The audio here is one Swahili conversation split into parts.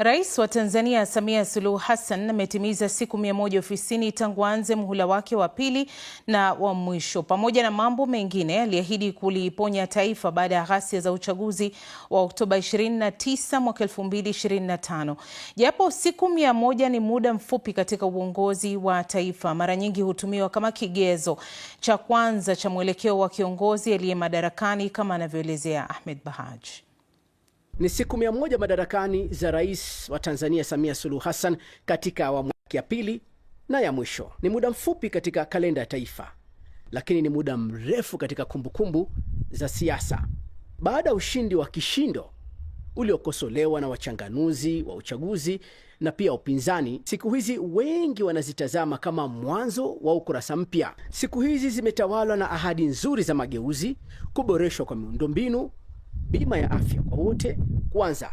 Rais wa Tanzania Samia Suluhu Hassan ametimiza siku mia moja ofisini tangu aanze muhula wake wa pili na wa mwisho. Pamoja na mambo mengine, aliahidi kuliponya taifa baada ya ghasia za uchaguzi wa Oktoba 29 mwaka 2025. Japo siku mia moja ni muda mfupi katika uongozi wa taifa, mara nyingi hutumiwa kama kigezo cha kwanza cha mwelekeo wa kiongozi aliye madarakani, kama anavyoelezea Ahmed Bahaj. Ni siku mia moja madarakani za rais wa Tanzania Samia Suluhu Hassan katika awamu yake ya pili na ya mwisho. Ni muda mfupi katika kalenda ya taifa, lakini ni muda mrefu katika kumbukumbu kumbu za siasa. Baada ya ushindi wa kishindo uliokosolewa na wachanganuzi wa uchaguzi na pia upinzani, siku hizi wengi wanazitazama kama mwanzo wa ukurasa mpya. Siku hizi zimetawalwa na ahadi nzuri za mageuzi, kuboreshwa kwa miundombinu bima ya afya kwa wote. Kwanza,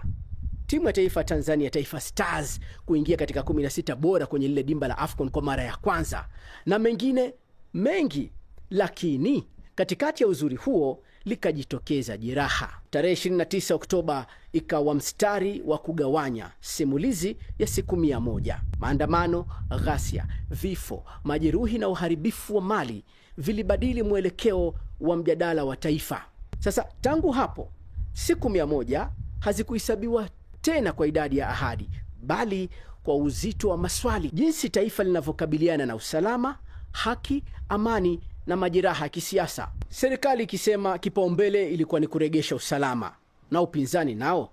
timu ya taifa Tanzania Taifa Stars kuingia katika 16 bora kwenye lile dimba la AFCON kwa mara ya kwanza na mengine mengi, lakini katikati ya uzuri huo likajitokeza jeraha. Tarehe 29 Oktoba ikawa mstari wa kugawanya simulizi ya siku 1 Maandamano, ghasia, vifo, majeruhi na uharibifu wa mali vilibadili mwelekeo wa mjadala wa taifa. Sasa tangu hapo Siku mia moja hazikuhesabiwa tena kwa idadi ya ahadi, bali kwa uzito wa maswali: jinsi taifa linavyokabiliana na usalama, haki, amani na majeraha ya kisiasa. Serikali ikisema kipaumbele ilikuwa ni kuregesha usalama, na upinzani nao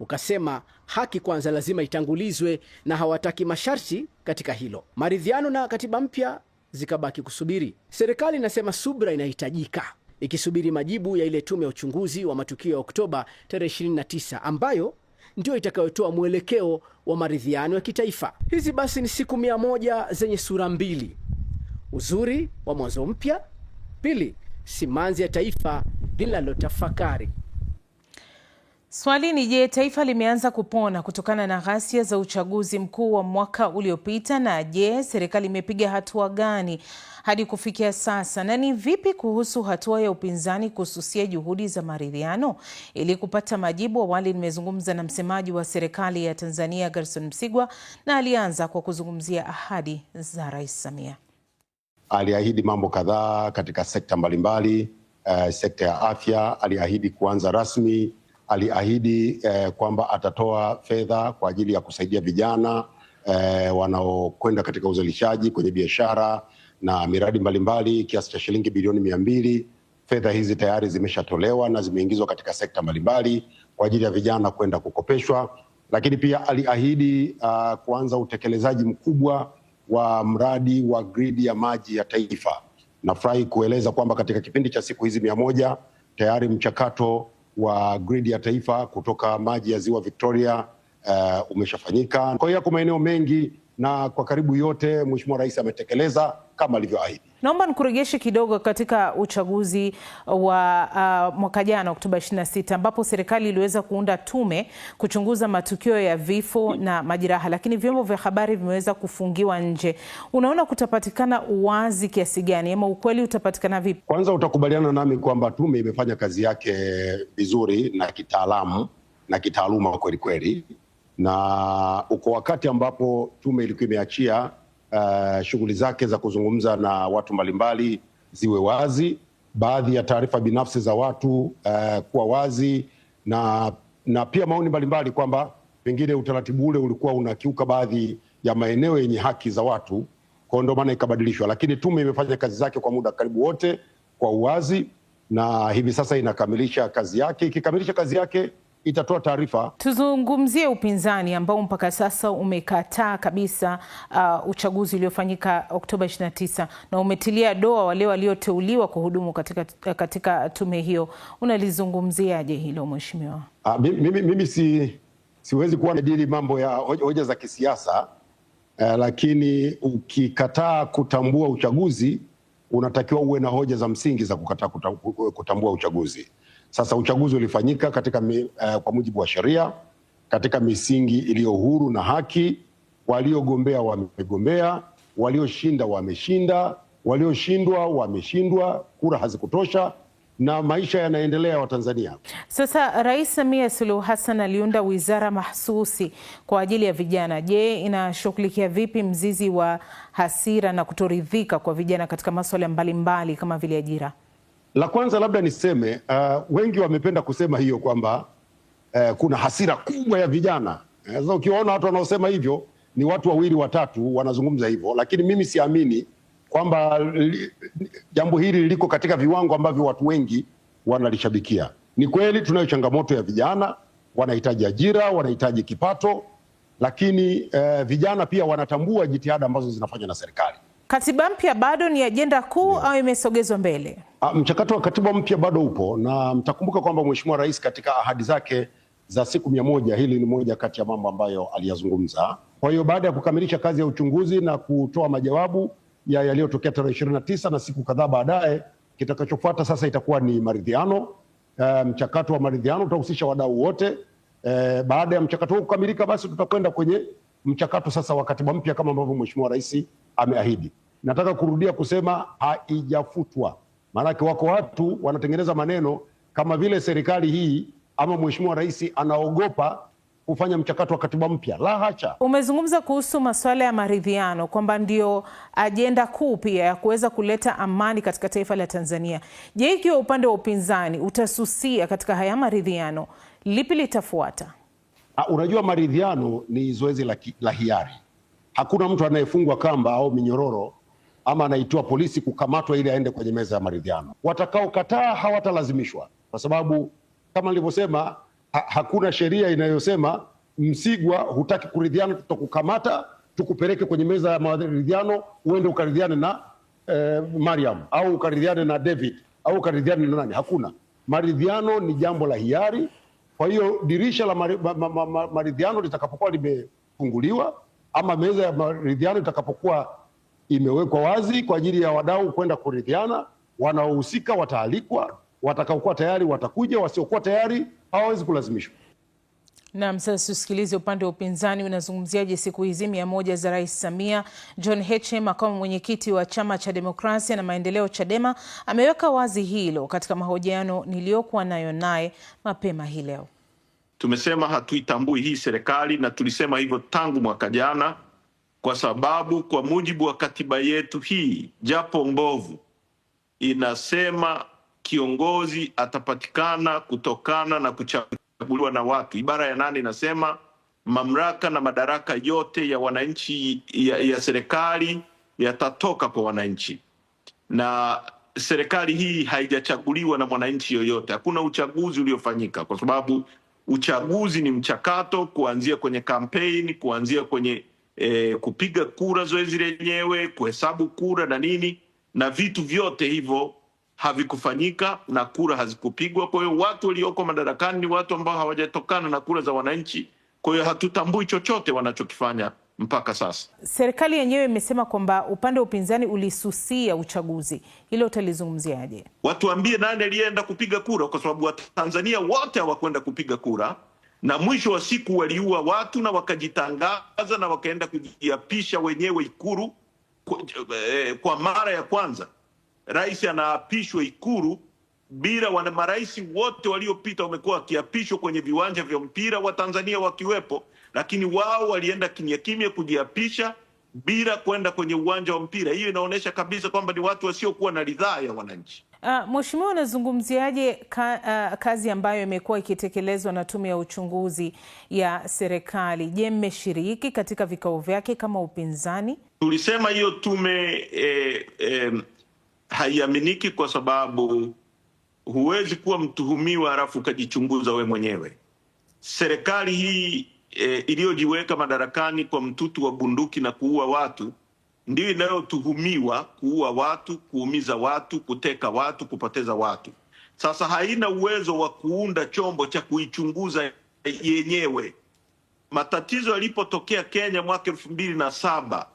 ukasema haki kwanza lazima itangulizwe, na hawataki masharti katika hilo. Maridhiano na katiba mpya zikabaki kusubiri. Serikali inasema subra inahitajika ikisubiri majibu ya ile tume ya uchunguzi wa matukio ya Oktoba tarehe 29 ambayo ndio itakayotoa mwelekeo wa maridhiano ya kitaifa. Hizi basi ni siku mia moja zenye sura mbili: uzuri wa mwanzo mpya, pili simanzi ya taifa linalotafakari. Swali ni je, taifa limeanza kupona kutokana na ghasia za uchaguzi mkuu wa mwaka uliopita? Na je, serikali imepiga hatua gani hadi kufikia sasa? Na ni vipi kuhusu hatua ya upinzani kususia juhudi za maridhiano? Ili kupata majibu, awali nimezungumza na msemaji wa serikali ya Tanzania Gerson Msigwa, na alianza kwa kuzungumzia ahadi za Rais Samia. Aliahidi mambo kadhaa katika sekta mbalimbali, uh, sekta ya afya aliahidi kuanza rasmi aliahidi eh, kwamba atatoa fedha kwa ajili ya kusaidia vijana eh, wanaokwenda katika uzalishaji kwenye biashara na miradi mbalimbali kiasi cha shilingi bilioni mia mbili. Fedha hizi tayari zimeshatolewa na zimeingizwa katika sekta mbalimbali kwa ajili ya vijana kwenda kukopeshwa, lakini pia aliahidi uh, kuanza utekelezaji mkubwa wa mradi wa gridi ya maji ya taifa. Nafurahi kueleza kwamba katika kipindi cha siku hizi mia moja tayari mchakato wa gridi ya taifa kutoka maji ya ziwa Victoria uh, umeshafanyika. Kwa hiyo yako maeneo mengi na kwa karibu yote Mheshimiwa Rais ametekeleza kama alivyoahidi. Naomba nikurejeshe kidogo katika uchaguzi wa uh, mwaka jana Oktoba 26 ambapo serikali iliweza kuunda tume kuchunguza matukio ya vifo na majeraha, lakini vyombo vya habari vimeweza kufungiwa nje. Unaona kutapatikana uwazi kiasi gani ama ukweli utapatikana vipi? Kwanza utakubaliana nami kwamba tume imefanya kazi yake vizuri na kitaalamu na kitaaluma kweli kweli na uko wakati ambapo tume ilikuwa imeachia uh, shughuli zake za kuzungumza na watu mbalimbali ziwe wazi, baadhi ya taarifa binafsi za watu uh, kuwa wazi na, na pia maoni mbalimbali kwamba pengine utaratibu ule ulikuwa unakiuka baadhi ya maeneo yenye haki za watu, kwa ndio maana ikabadilishwa. Lakini tume imefanya kazi zake kwa muda karibu wote kwa uwazi, na hivi sasa inakamilisha kazi yake. Ikikamilisha kazi yake itatoa taarifa. Tuzungumzie upinzani ambao mpaka sasa umekataa kabisa uh, uchaguzi uliofanyika Oktoba 29 na umetilia doa wale walioteuliwa kuhudumu katika, katika tume hiyo. Unalizungumziaje hilo mheshimiwa? Uh, mimi, mimi si, siwezi kuwa najadili mambo ya hoja za kisiasa uh, lakini ukikataa kutambua uchaguzi unatakiwa uwe na hoja za msingi za kukataa kutambua uchaguzi. Sasa uchaguzi ulifanyika katika uh, kwa mujibu wa sheria katika misingi iliyo huru na haki. Waliogombea wamegombea, walioshinda wameshinda, walioshindwa wameshindwa, kura hazikutosha na maisha yanaendelea Watanzania. Sasa Rais Samia Suluhu Hassan aliunda wizara mahsusi kwa ajili ya vijana. Je, inashughulikia vipi mzizi wa hasira na kutoridhika kwa vijana katika masuala mbalimbali kama vile ajira? La kwanza labda niseme uh, wengi wamependa kusema hiyo kwamba uh, kuna hasira kubwa ya vijana. Eh, sasa ukiwaona watu wanaosema hivyo ni watu wawili watatu wanazungumza hivyo, lakini mimi siamini kwamba jambo hili liko katika viwango ambavyo watu wengi wanalishabikia. Ni kweli tunayo changamoto ya vijana, wanahitaji ajira, wanahitaji kipato, lakini uh, vijana pia wanatambua jitihada ambazo zinafanywa na serikali Katiba mpya bado ni ajenda kuu yeah, au imesogezwa mbele? Ah, mchakato wa katiba mpya bado upo, na mtakumbuka kwamba Mheshimiwa Rais katika ahadi zake za siku mia moja hili ni moja kati ya mambo ambayo aliyazungumza. Kwa hiyo baada ya kukamilisha kazi ya uchunguzi na kutoa majawabu ya yaliyotokea tarehe ishirini na siku kadhaa baadaye, kitakachofuata sasa itakuwa ni maridhiano. Eh, mchakato wa maridhiano utahusisha wadau wote. E, baada ya mchakato huu kukamilika, basi tutakwenda kwenye mchakato sasa wa katiba mpya kama ambavyo Mheshimiwa Rais ameahidi. Nataka kurudia kusema haijafutwa, maanake wako watu wanatengeneza maneno kama vile serikali hii ama mheshimiwa rais anaogopa kufanya mchakato wa katiba mpya. La hasha. Umezungumza kuhusu masuala ya maridhiano kwamba ndio ajenda kuu pia ya kuweza kuleta amani katika taifa la Tanzania. Je, ikiwa upande wa upinzani utasusia katika haya maridhiano, lipi litafuata? Ha, ah, unajua maridhiano ni zoezi la, la hiari. Hakuna mtu anayefungwa kamba au minyororo ama anaitiwa polisi kukamatwa ili aende kwenye meza ya maridhiano. Watakaokataa hawatalazimishwa, kwa sababu kama nilivyosema, ha hakuna sheria inayosema Msigwa, hutaki kuridhiana, tutakukamata tukupeleke kwenye meza ya maridhiano uende ukaridhiane na eh, Mariam au ukaridhiane na David au ukaridhiane na nani. Hakuna maridhiano, ni jambo la hiari. Kwa hiyo dirisha la maridhiano litakapokuwa limefunguliwa ama meza ya maridhiano itakapokuwa imewekwa wazi kwa ajili ya wadau kwenda kuridhiana, wanaohusika wataalikwa, watakaokuwa tayari watakuja, wasiokuwa tayari hawawezi kulazimishwa. Naam, sasa tusikilize upande wa upinzani unazungumziaje siku hizi mia moja za Rais Samia. John Heche, makamu mwenyekiti wa chama cha demokrasia na maendeleo CHADEMA, ameweka wazi hilo katika mahojiano niliyokuwa nayo naye mapema hii leo. Tumesema hatuitambui hii serikali na tulisema hivyo tangu mwaka jana, kwa sababu kwa mujibu wa katiba yetu hii, japo mbovu, inasema kiongozi atapatikana kutokana na kuchaguliwa na watu. Ibara ya nane inasema mamlaka na madaraka yote ya wananchi ya, ya serikali yatatoka kwa wananchi, na serikali hii haijachaguliwa na mwananchi yoyote. Hakuna uchaguzi uliofanyika kwa sababu uchaguzi ni mchakato, kuanzia kwenye kampeni, kuanzia kwenye e, kupiga kura, zoezi lenyewe, kuhesabu kura na nini na vitu vyote hivyo havikufanyika na kura hazikupigwa. Kwa hiyo watu walioko madarakani ni watu ambao hawajatokana na kura za wananchi, kwa hiyo hatutambui chochote wanachokifanya mpaka sasa. Serikali yenyewe imesema kwamba upande wa upinzani ulisusia uchaguzi, hilo utalizungumziaje? Watuambie nani aliyeenda kupiga kura, kwa sababu Watanzania wote hawakwenda kupiga kura, na mwisho wa siku waliua watu na wakajitangaza na wakaenda kujiapisha wenyewe Ikuru kwa, eh, kwa mara ya kwanza rais anaapishwa Ikuru bila wana marais wote waliopita wamekuwa wakiapishwa kwenye viwanja vya mpira wa Tanzania wakiwepo lakini wao walienda kimya kimya kujiapisha bila kwenda kwenye uwanja wa mpira. Hiyo inaonyesha kabisa kwamba ni watu wasiokuwa na ridhaa ya wananchi. Uh, Mheshimiwa, unazungumziaje ka, uh, kazi ambayo imekuwa ikitekelezwa na tume ya uchunguzi ya serikali? Je, mmeshiriki katika vikao vyake kama upinzani? Tulisema hiyo tume eh, eh, haiaminiki kwa sababu huwezi kuwa mtuhumiwa halafu ukajichunguza we mwenyewe. Serikali hii e, iliyojiweka madarakani kwa mtutu wa bunduki na kuua watu ndiyo inayotuhumiwa kuua watu, kuumiza watu, kuteka watu, kupoteza watu. Sasa haina uwezo wa kuunda chombo cha kuichunguza yenyewe. Matatizo yalipotokea Kenya mwaka elfu mbili na saba,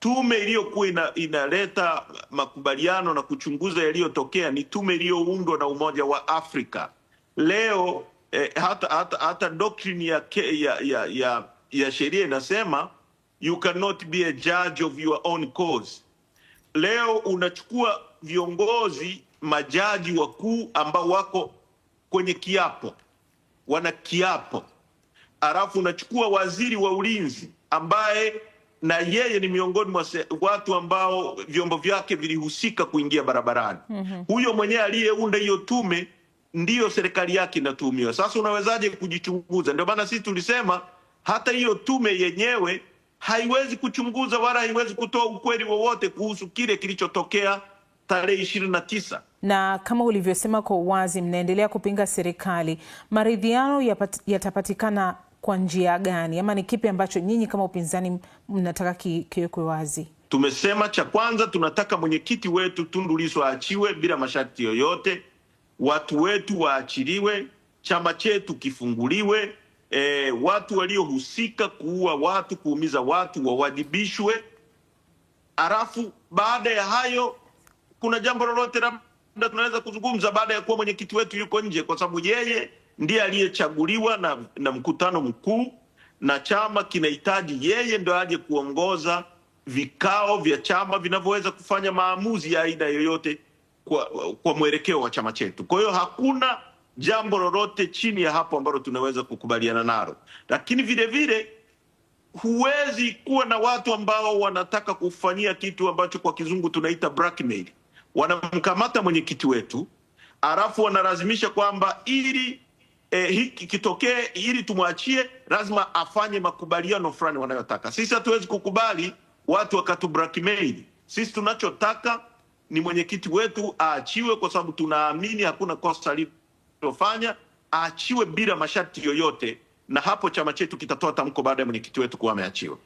tume iliyokuwa ina, inaleta makubaliano na kuchunguza yaliyotokea ni tume iliyoundwa na Umoja wa Afrika. Leo eh, hata, hata, hata doctrine ya, ya, ya, ya, ya sheria inasema you cannot be a judge of your own cause. Leo unachukua viongozi majaji wakuu ambao wako kwenye kiapo, wana kiapo, alafu unachukua waziri wa ulinzi ambaye na yeye ni miongoni mwa watu ambao vyombo vyake vilihusika kuingia barabarani. mm -hmm. Huyo mwenyewe aliyeunda hiyo tume ndiyo serikali yake inatuhumiwa. Sasa unawezaje kujichunguza? Ndio maana sisi tulisema hata hiyo tume yenyewe haiwezi kuchunguza wala haiwezi kutoa ukweli wowote kuhusu kile kilichotokea tarehe ishirini na tisa. Na kama ulivyosema kwa uwazi, mnaendelea kupinga serikali. Maridhiano yatapatikana kwa njia gani, ama ni kipi ambacho nyinyi kama upinzani mnataka kiwekwe wazi? Tumesema cha kwanza, tunataka mwenyekiti wetu Tundu Lissu aachiwe bila masharti yoyote watu wetu waachiliwe, chama chetu kifunguliwe, e, watu waliohusika kuua watu, kuumiza watu wawajibishwe. alafu baada ya hayo, kuna jambo lolote labda tunaweza kuzungumza baada ya kuwa mwenyekiti wetu yuko nje, kwa sababu yeye ndiye aliyechaguliwa na, na mkutano mkuu na chama kinahitaji yeye ndo aje kuongoza vikao vya chama vinavyoweza kufanya maamuzi ya aina yoyote kwa, kwa mwelekeo wa chama chetu. Kwa hiyo hakuna jambo lolote chini ya hapo ambalo tunaweza kukubaliana nalo, lakini vile vile huwezi kuwa na watu ambao wanataka kufanyia kitu ambacho kwa kizungu tunaita blackmail. Wanamkamata mwenyekiti wetu alafu wanalazimisha kwamba ili eh, hiki kitokee, ili tumwachie, lazima afanye makubaliano fulani wanayotaka. Sisi hatuwezi kukubali watu wakatu blackmail. Sisi tunachotaka ni mwenyekiti wetu aachiwe, kwa sababu tunaamini hakuna kosa alilofanya. Aachiwe bila masharti yoyote, na hapo chama chetu kitatoa tamko baada ya mwenyekiti wetu kuwa ameachiwa.